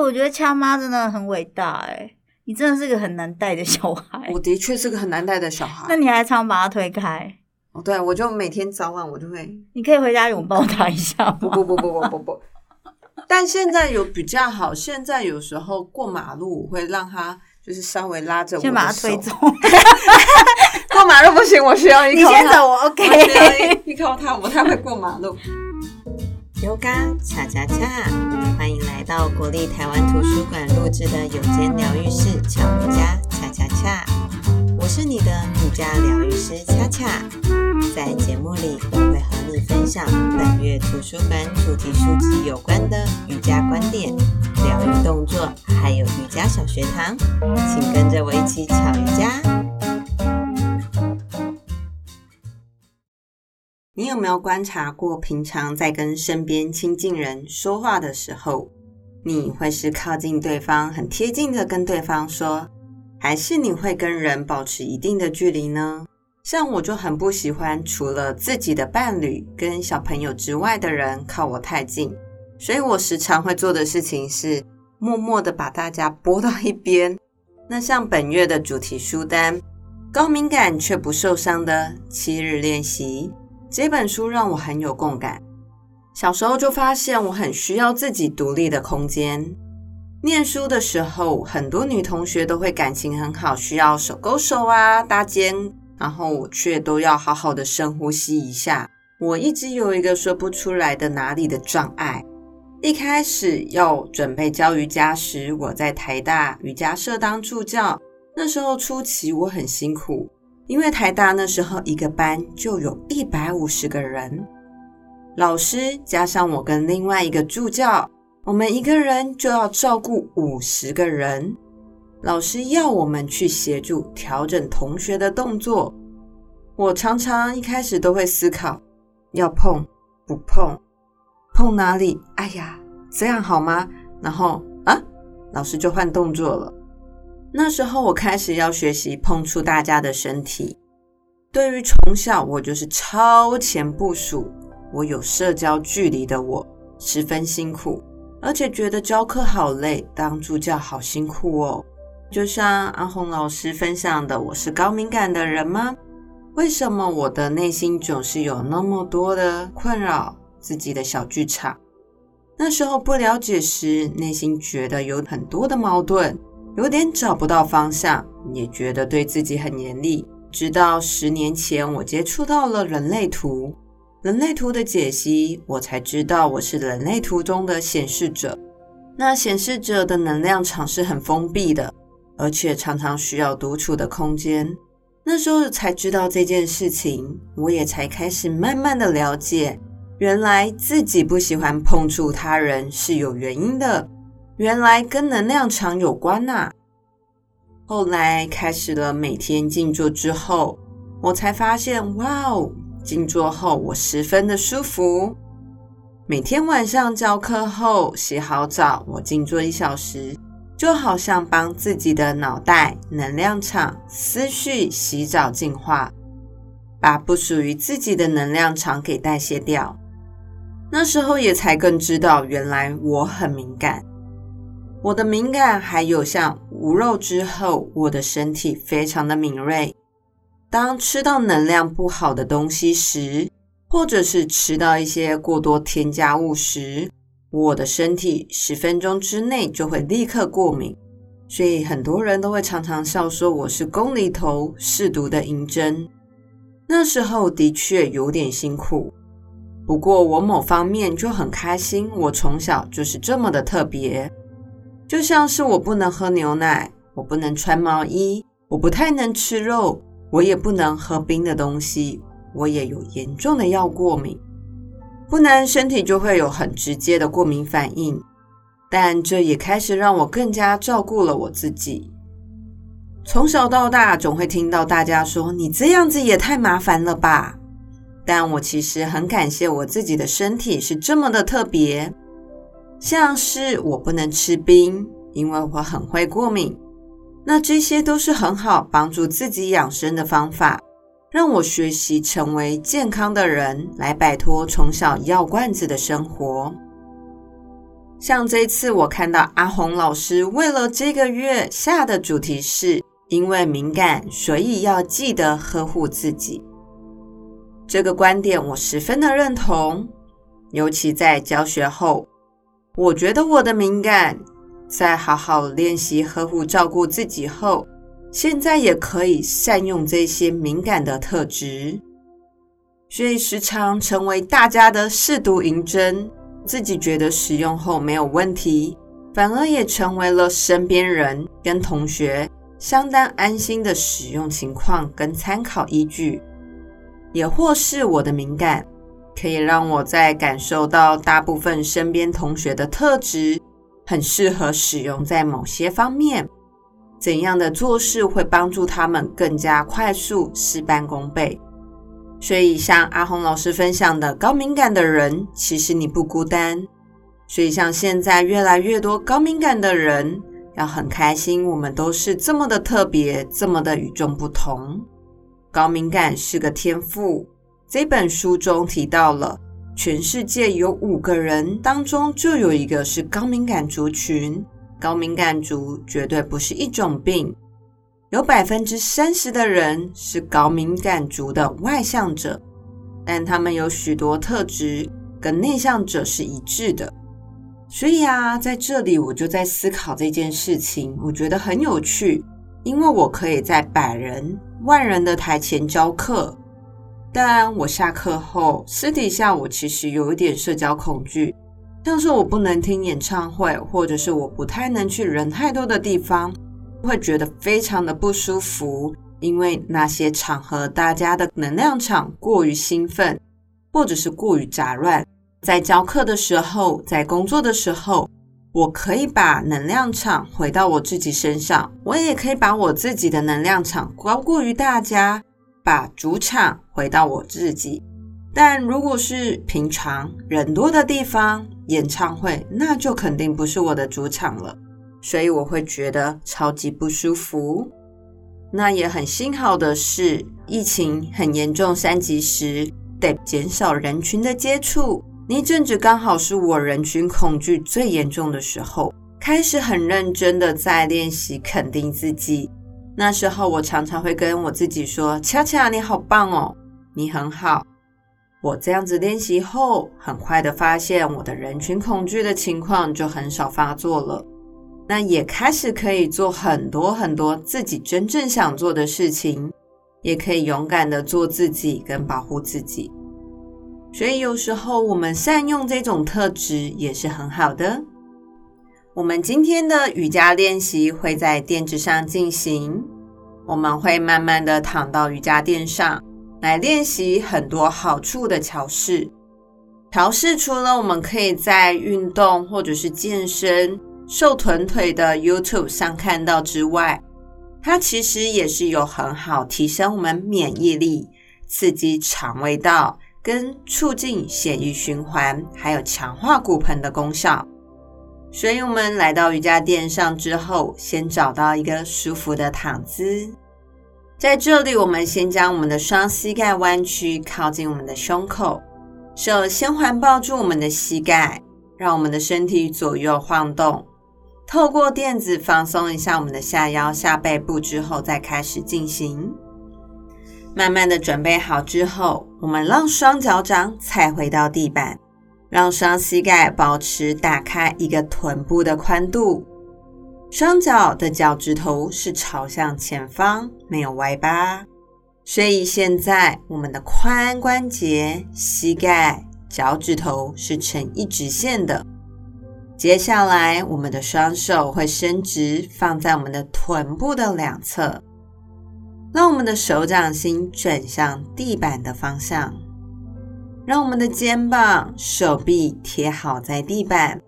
我覺得掐媽真的很偉大哎、欸，你真的是個很難帶的小孩。我的確是個很難帶的小孩，那你還常把他推開。哦，對，我就每天早晚我就會。你可以回家擁抱他一下。嗯。不不不不不不不，不， 但現在有比較好。現在有時候過馬路，我會讓他就是稍微拉着我的走。過馬路不行，我需要你牽着我。OK，依靠他，我太會過馬路。 油 o 恰恰恰，歡迎。來到國立台灣圖書館錄制的友間聊癒室，巧瑜伽，恰恰恰。我是你的瑜伽療癒師，恰恰。在節目裡，我會和你分享本月圖書館主題書籍有關的瑜伽觀點、療癒動作，還有瑜伽小學堂。請跟着我一起巧瑜伽。你有沒有觀察過，平常在跟身邊親近人說話的時候？你會是靠近對方，很貼近的跟對方說，還是你會跟人保持一定的距離呢？像我就很不喜歡除了自己的伴侶跟小朋友之外的人靠我太近，所以我時常會做的事情是默默的把大家撥到一邊。那像本月的主題書單《高敏感卻不受傷的七日練習》這本書讓我很有共感。小時候就發現我很需要自己獨立的空間。念書的時候，很多女同學都會感情很好，需要手勾手啊、搭肩，然後我卻都要好好的深呼吸一下。我一直有一個說不出來的哪裡的障礙。一開始要準備教瑜伽時，我在台大瑜伽社當助教，那時候初期我很辛苦，因為台大那時候一個班就有一百五十個人。老師加上我跟另外一個助教，我們一個人就要照顧五十個人。老師要我們去協助調整同學的動作，我常常一開始都會思考要碰不碰，碰哪裡？哎呀，這樣好嗎？然後啊，老師就換動作了。那時候我開始要學習碰觸大家的身體。對於從小我就是超前部署。我有社交距離的我十分辛苦，而且覺得教課好累，當助教好辛苦哦。就像阿紅老師分享的，我是高敏感的人嗎？為什麼我的內心總是有那麼多的困擾？自己的小劇場。那時候不了解時，內心覺得有很多的矛盾，有點找不到方向，也覺得對自己很嚴厲。直到十年前，我接觸到了人類圖。人類圖的解析，我才知道我是人類圖中的顯示者。那顯示者的能量場是很封閉的，而且常常需要獨處的空間。那時候才知道這件事情，我也才開始慢慢的了解，原來自己不喜歡碰觸他人是有原因的，原來跟能量場有關吶、啊。後來開始了每天靜坐之後，我才發現，哇哦！靜坐後，我十分的舒服。每天晚上教課後，洗好澡，我靜坐一小時，就好像幫自己的腦袋、能量場、思緒洗澡淨化，把不屬於自己的能量場給代謝掉。那時候也才更知道，原來我很敏感。我的敏感還有像無肉之後，我的身體非常的敏銳。當吃到能量不好的東西時，或者是吃到一些過多添加物時，我的身體十分鐘之內就會立刻過敏。所以很多人都會常常笑說，我是宮裡頭試毒的銀針。那時候的確有點辛苦，不過我某方面就很開心。我從小就是這麼的特別，就像是我不能喝牛奶，我不能穿毛衣，我不太能吃肉。我也不能喝冰的東西，我也有嚴重的藥過敏，不然身體就會有很直接的過敏反應。但這也開始讓我更加照顧了我自己。從小到大，總會聽到大家說：“你這樣子也太麻煩了吧？”但我其實很感謝我自己的身體是這麼的特別，像是我不能吃冰，因為我很會過敏。那這些都是很好幫助自己養生的方法，讓我學習成為健康的人，來擺脫從小藥罐子的生活。像這一次我看到阿紅老師為了這個月下的主題是，因為敏感，所以要記得呵護自己，這個觀點我十分的認同。尤其在教學後，我覺得我的敏感。在好好練習呵護照顧自己後，現在也可以善用這些敏感的特質，所以時常成為大家的試毒銀針。自己覺得使用後沒有問題，反而也成為了身邊人跟同學相當安心的使用情況跟參考依據。也或是我的敏感，可以讓我在感受到大部分身邊同學的特質。很適合使用在某些方面，怎樣的做事會幫助他們更加快速、事半功倍。所以像阿紅老師分享的，高敏感的人其實你不孤單。所以像現在越來越多高敏感的人，要很開心，我們都是這麼的特別，這麼的與眾不同。高敏感是個天賦，這本書中提到了。全世界有五個人當中，就有一個是高敏感族群。高敏感族絕對不是一種病，有百分之三十的人是高敏感族的外向者，但他們有許多特質跟內向者是一致的。所以啊，在這裡我就在思考這件事情，我覺得很有趣，因為我可以在百人、萬人的台前教課。但我下課後，私底下我其實有一點社交恐懼，像是我不能聽演唱會，或者是我不太能去人太多的地方，會覺得非常的不舒服。因為那些場合，大家的能量場過於興奮，或者是過於雜亂。在教課的時候，在工作的時候，我可以把能量場回到我自己身上，我也可以把我自己的能量場高過於大家。把主場回到我自己，但如果是平常人多的地方，演唱會，那就肯定不是我的主場了，所以我會覺得超級不舒服。那也很幸好的是，疫情很嚴重三級時，得減少人群的接觸。那陣子剛好是我人群恐懼最嚴重的時候，開始很認真的在練習肯定自己。那時候，我常常會跟我自己說：“恰恰，你好棒哦，你很好。”我這樣子練習後，很快的發現，我的人群恐懼的情況就很少發作了。那也開始可以做很多很多自己真正想做的事情，也可以勇敢的做自己跟保護自己。所以，有時候我們善用這種特質也是很好的。我們今天的瑜伽練習會在墊子上進行，我們會慢慢的躺到瑜伽墊上來練習很多好處的橋式。橋式除了我們可以在運動或者是健身瘦臀腿的 YouTube 上看到之外，它其實也是有很好提升我們免疫力、刺激腸胃道、跟促進血液循環，還有強化骨盆的功效。所以，我們來到瑜伽墊上之後，先找到一個舒服的躺姿。在這裡，我們先將我們的雙膝蓋彎曲，靠近我們的胸口，手先環抱住我們的膝蓋，讓我們的身體左右晃動，透過墊子放鬆一下我們的下腰、下背部之後，再開始進行。慢慢的準備好之後，我們讓雙腳掌踩回到地板。讓雙膝蓋保持打開一個臀部的寬度，雙腳的腳趾頭是朝向前方，沒有外八，所以現在我們的髖關節、膝蓋、腳趾頭是呈一直線的。接下來，我們的雙手會伸直放在我們的臀部的兩側，讓我們的手掌心轉向地板的方向。讓我們的肩膀、手臂貼好在地板，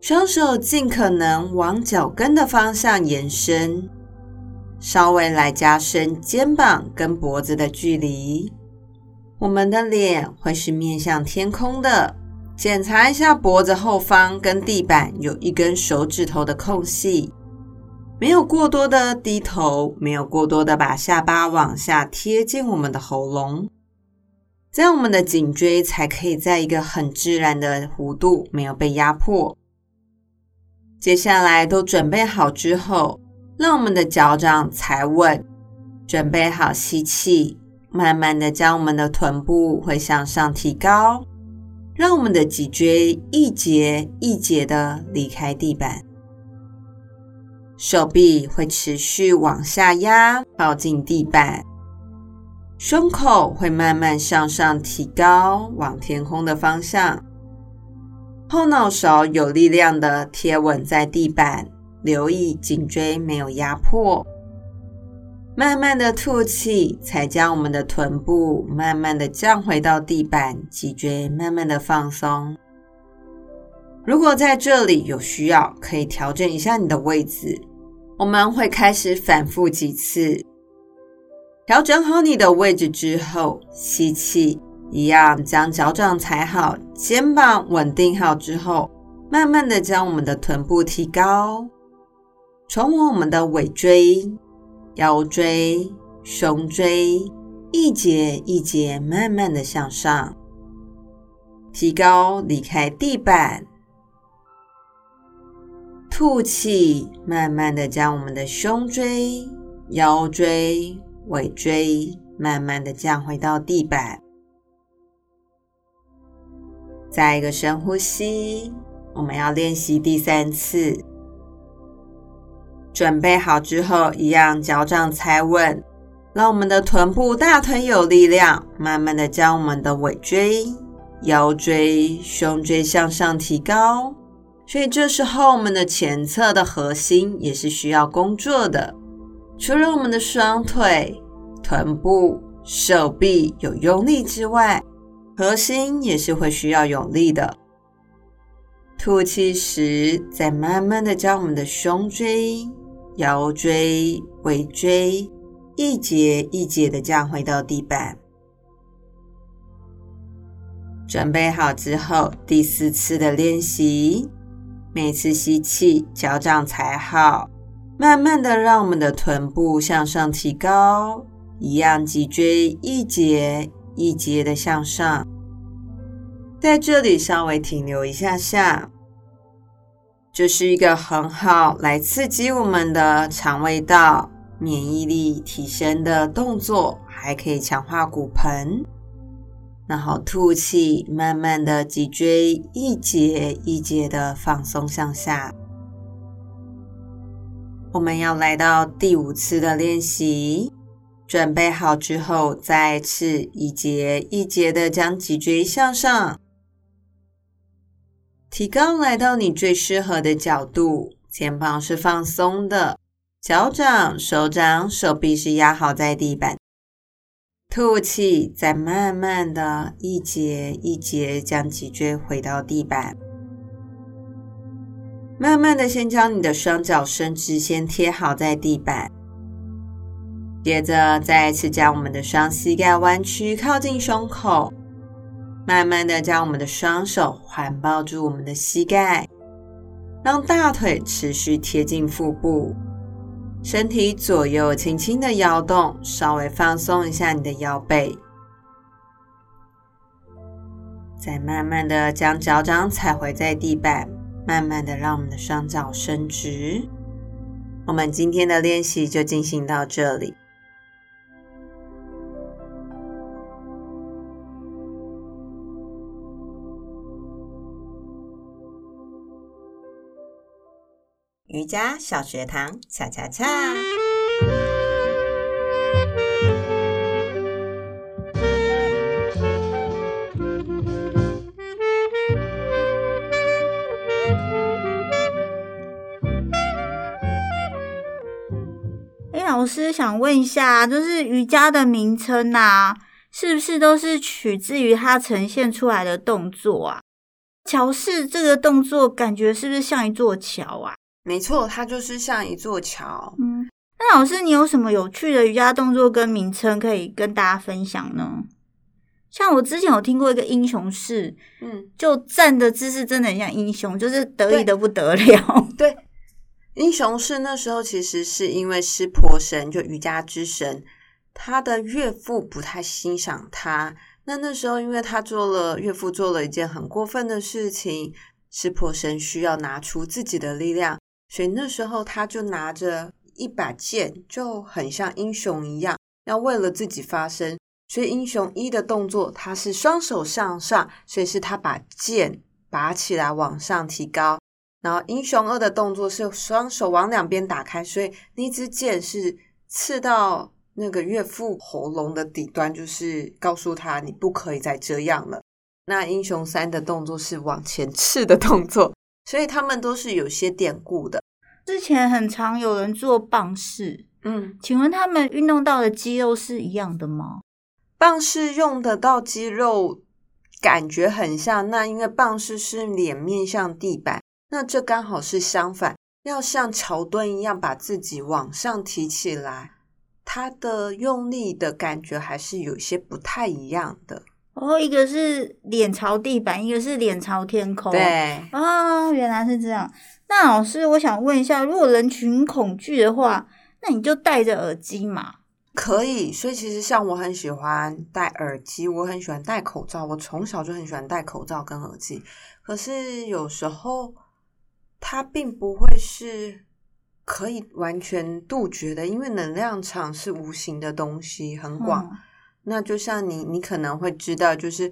雙手盡可能往腳跟的方向延伸，稍微來加深肩膀跟脖子的距離。我們的臉會是面向天空的，檢查一下脖子後方跟地板有一根手指頭的空隙，沒有過多的低頭，沒有過多的把下巴往下貼近我們的喉嚨。這樣，在我們的頸椎才可以在一個很自然的弧度，沒有被壓迫。接下來都準備好之後，讓我們的腳掌踩穩，準備好吸氣，慢慢的將我們的臀部會向上提高，讓我們的脊椎一節一節的離開地板，手臂會持續往下壓，靠近地板。胸口會慢慢向上提高，往天空的方向。後腦勺有力量的貼穩在地板，留意頸椎沒有壓迫。慢慢的吐氣，才將我們的臀部慢慢的降回到地板，脊椎慢慢的放鬆。如果在這裡有需要，可以調整一下你的位置。我們會開始反覆幾次。調整好你的位置之後，吸氣，一樣將腳掌踩好，肩膀穩定好之後，慢慢的將我們的臀部提高，從我們的尾椎、腰椎、胸椎一節一節慢慢的向上，提高，離開地板，吐氣，慢慢的將我們的胸椎、腰椎、尾椎慢慢的降回到地板，再一個深呼吸。我們要練習第三次，準備好之後，一樣腳掌踩穩，讓我們的臀部、大腿有力量，慢慢的將我們的尾椎、腰椎、胸椎向上提高。所以這時候我們的前側的核心也是需要工作的。除了我們的雙腿、臀部、手臂有用力之外，核心也是會需要用力的。吐氣時，再慢慢的將我們的胸椎、腰椎、尾椎一節一節的降回到地板。準備好之後，第四次的練習，每次吸氣，腳掌踩好。慢慢的，讓我們的臀部向上提高，一樣脊椎一節一節的向上，在這裡稍微停留一下下，這、就是一個很好來刺激我們的腸胃道、免疫力提升的動作，還可以強化骨盆。然後吐氣，慢慢的脊椎一節一節的放鬆向下。我們要來到第五次的練習，準備好之後，再次一節一節的將脊椎向上提高，來到你最適合的角度。肩膀是放鬆的，腳掌、手掌、手臂是壓好在地板。吐氣，再慢慢的一節一節將脊椎回到地板。慢慢的，先將你的雙腳伸直，先貼好在地板，接着再一次將我們的雙膝蓋彎曲靠近胸口，慢慢的將我們的雙手環抱住我們的膝蓋，讓大腿持續貼近腹部，身體左右輕輕的搖動，稍微放鬆一下你的腰背，再慢慢的將腳掌踩回在地板。慢慢的讓我們的雙腳伸直，我們今天的練習就進行到這裡。瑜伽小學堂，恰恰恰。老師想問一下，就是瑜伽的名稱吶、啊，是不是都是取自於它呈現出來的動作啊？橋式這個動作感覺是不是像一座橋啊？沒錯，它就是像一座橋。嗯，那老師你有什麼有趣的瑜伽動作跟名稱可以跟大家分享呢？像我之前有聽過一個英雄式，嗯，就站的姿勢真的很像英雄，就是得意的不得了。對。對英雄是那時候，其實是因為濕婆神，就瑜伽之神，他的岳父不太欣賞他。那那時候，因為他做了岳父做了一件很過分的事情，濕婆神需要拿出自己的力量，所以那時候他就拿着一把劍，就很像英雄一樣，要為了自己發聲。所以英雄一的動作，他是雙手向上，上，所以是他把劍拔起來往上提高。然後英雄二的動作是雙手往兩邊打開，所以那支箭是刺到那個岳父喉嚨的底端，就是告訴他，你不可以再這樣了。那英雄三的動作是往前刺的動作，所以他們都是有些典故的。之前很常有人做棒式。嗯，請問他們運動到的肌肉是一樣的嗎？棒式用得到肌肉感覺很像，那因為棒式是臉面向地板。那這剛好是相反，要像橋墩一樣把自己往上提起來，它的用力的感覺還是有些不太一樣的。哦，一個是臉朝地板，一個是臉朝天空。對，哦，原來是這樣。那老師，我想問一下，如果人群恐懼的話，那你就戴着耳機嘛？可以。所以其實像我很喜歡戴耳機，我很喜歡戴口罩，我從小就很喜歡戴口罩跟耳機。可是有時候。它並不會是可以完全杜絕的，因為能量場是無形的東西，很廣。嗯。那就像你，你可能會知道，就是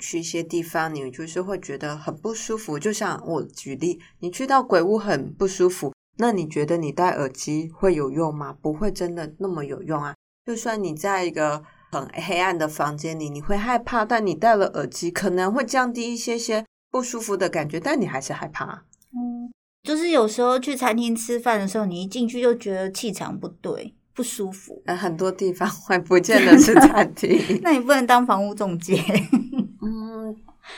去一些地方，你就是會覺得很不舒服。就像我舉例，你去到鬼屋很不舒服，那你覺得你戴耳機會有用嗎？不會真的那麼有用啊！就算你在一個很黑暗的房間裡，你會害怕，但你戴了耳機，可能會降低一些些不舒服的感覺，但你還是害怕啊。就是有時候去餐廳吃飯的時候，你一進去就覺得氣場不對，不舒服。呃、很多地方會不見得是餐廳， 那你不能當房屋仲介。 嗯，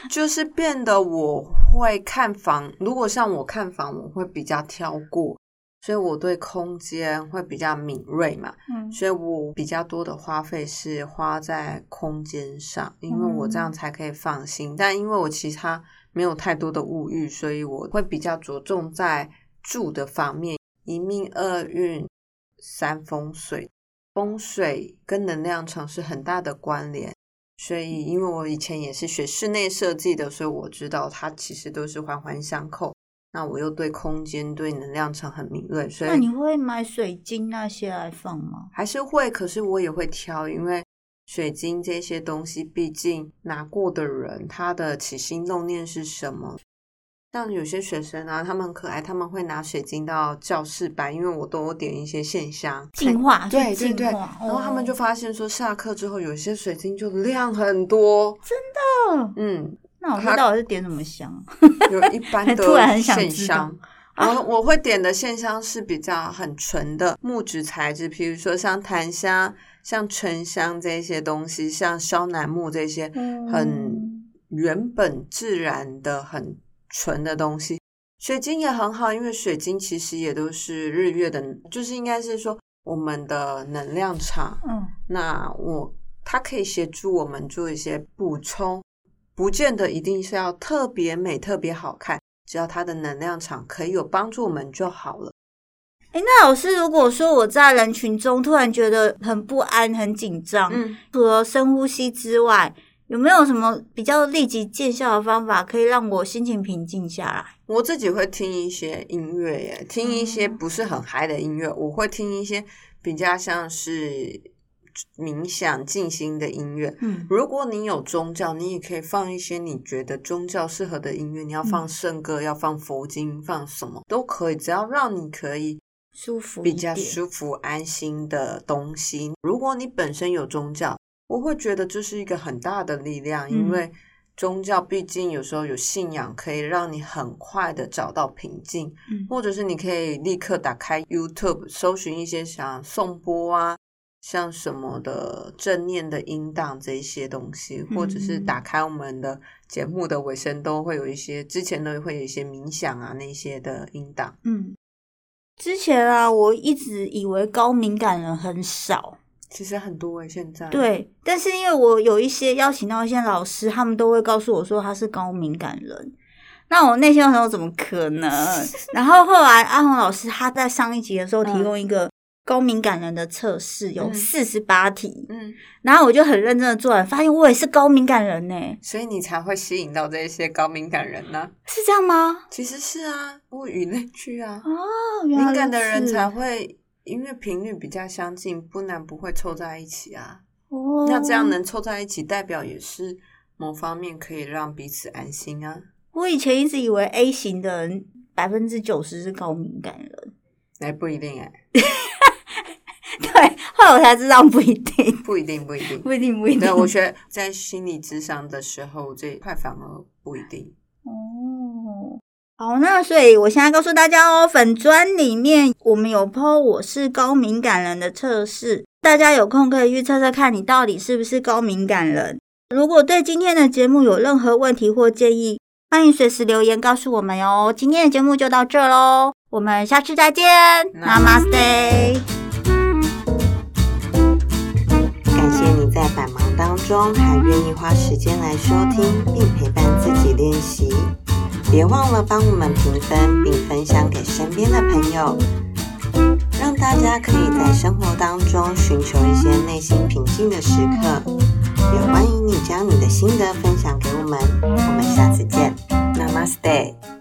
就是變得我會看房，如果像我看房，我會比較挑過，所以我對空間會比較敏銳嘛。嗯，所以我比較多的花費是花在空間上，因為我這樣才可以放心。嗯、但因為我其他。沒有太多的物慾，所以我會比較着重在住的方面。一命二運三風水，風水跟能量場是很大的關聯。所以，因為我以前也是學室內設計的，所以我知道它其實都是環環相扣。那我又對空間、對能量場很敏銳，所以。那你會買水晶那些來放嗎？還是會？可是我也會挑，因為。水晶這些東西，畢竟拿過的人，他的起心動念是什麼？像有些學生啊，他們很可愛，他們會拿水晶到教室擺，因為我都有點一些線香，淨化，對，對對對。淨化，然後他們就發現說，哦、下課之後，有些水晶就亮很多，真的。嗯，那我知道我是點什麼香？有一般的線香啊， 然然後我會點的線香是比較很純的，啊，木質材質，譬如說像檀香。像沉香這些東西，像燒楠木這些，很原本自然的、很純的東西，水晶也很好，因為水晶其實也都是日月的，就是應該是說我們的能量場。嗯，那我它可以協助我們做一些補充，不見得一定是要特別美、特別好看，只要它的能量場可以有幫助我們就好了。哎，那老師，如果說我在人群中突然覺得很不安、很緊張，嗯、除了深呼吸之外，有沒有什麼比較立即見效的方法，可以讓我心情平靜下來？我自己會聽一些音樂耶，聽一些不是很嗨的音樂，嗯、我會聽一些比較像是冥想、靜心的音樂。嗯，如果你有宗教，你也可以放一些你覺得宗教適合的音樂。你要放聖歌，嗯、要放佛經，放什麼都可以，只要讓你可以，舒服，比較舒服、安心的東西。如果你本身有宗教，我會覺得這是一個很大的力量，嗯、因為宗教畢竟有時候有信仰，可以讓你很快的找到平靜，嗯、或者是你可以立刻打開 YouTube，搜尋一些像頌缽啊，像什麼的正念的音檔這一些東西，或者是打開我們的節目的尾聲都會有一些，之前都會有一些冥想啊那些的音檔，嗯之前啊，我一直以為高敏感人很少，其實很多哎、欸。現在。對，但是因為我有一些邀請到一些老師，他們都會告訴我說他是高敏感人。那我那些朋友怎麼可能？ 然後後來阿紅老師他在上一集的時候提供一個。高敏感人的測試有四十八題，嗯，然後我就很認真的做完，發現我也是高敏感人呢，所以你才會吸引到這些高敏感人呢、啊，是這樣嗎？其實是啊，物以類聚啊，哦，敏感的人才會因為頻率比較相近，不然不會湊在一起啊。哦，那這樣能湊在一起，代表也是某方面可以讓彼此安心啊。我以前一直以為 A 型的人百分之九十是高敏感人，哎、欸，不一定哎。 對，後來我才知道不一，不一定，不一定， 不一定，不一定，不一定。對，我覺得在心理智商的時候，這塊反而不一定。哦，好，那所以我現在告訴大家哦，粉專裡面我們有 po 我是高敏感人的測試，大家有空可以預測測看，你到底是不是高敏感人。如果對今天的節目有任何問題或建議，歡迎隨時留言告訴我們喲、哦。今天的節目就到這嘍，我們下次再見，Namaste。那 Nam 在百忙當中還願意花時間來收聽並陪伴自己練習，別忘了幫我們評分並分享給身邊的朋友，讓大家可以在生活當中尋求一些內心平靜的時刻。也歡迎你將你的心得分享給我們，我們下次見，Namaste。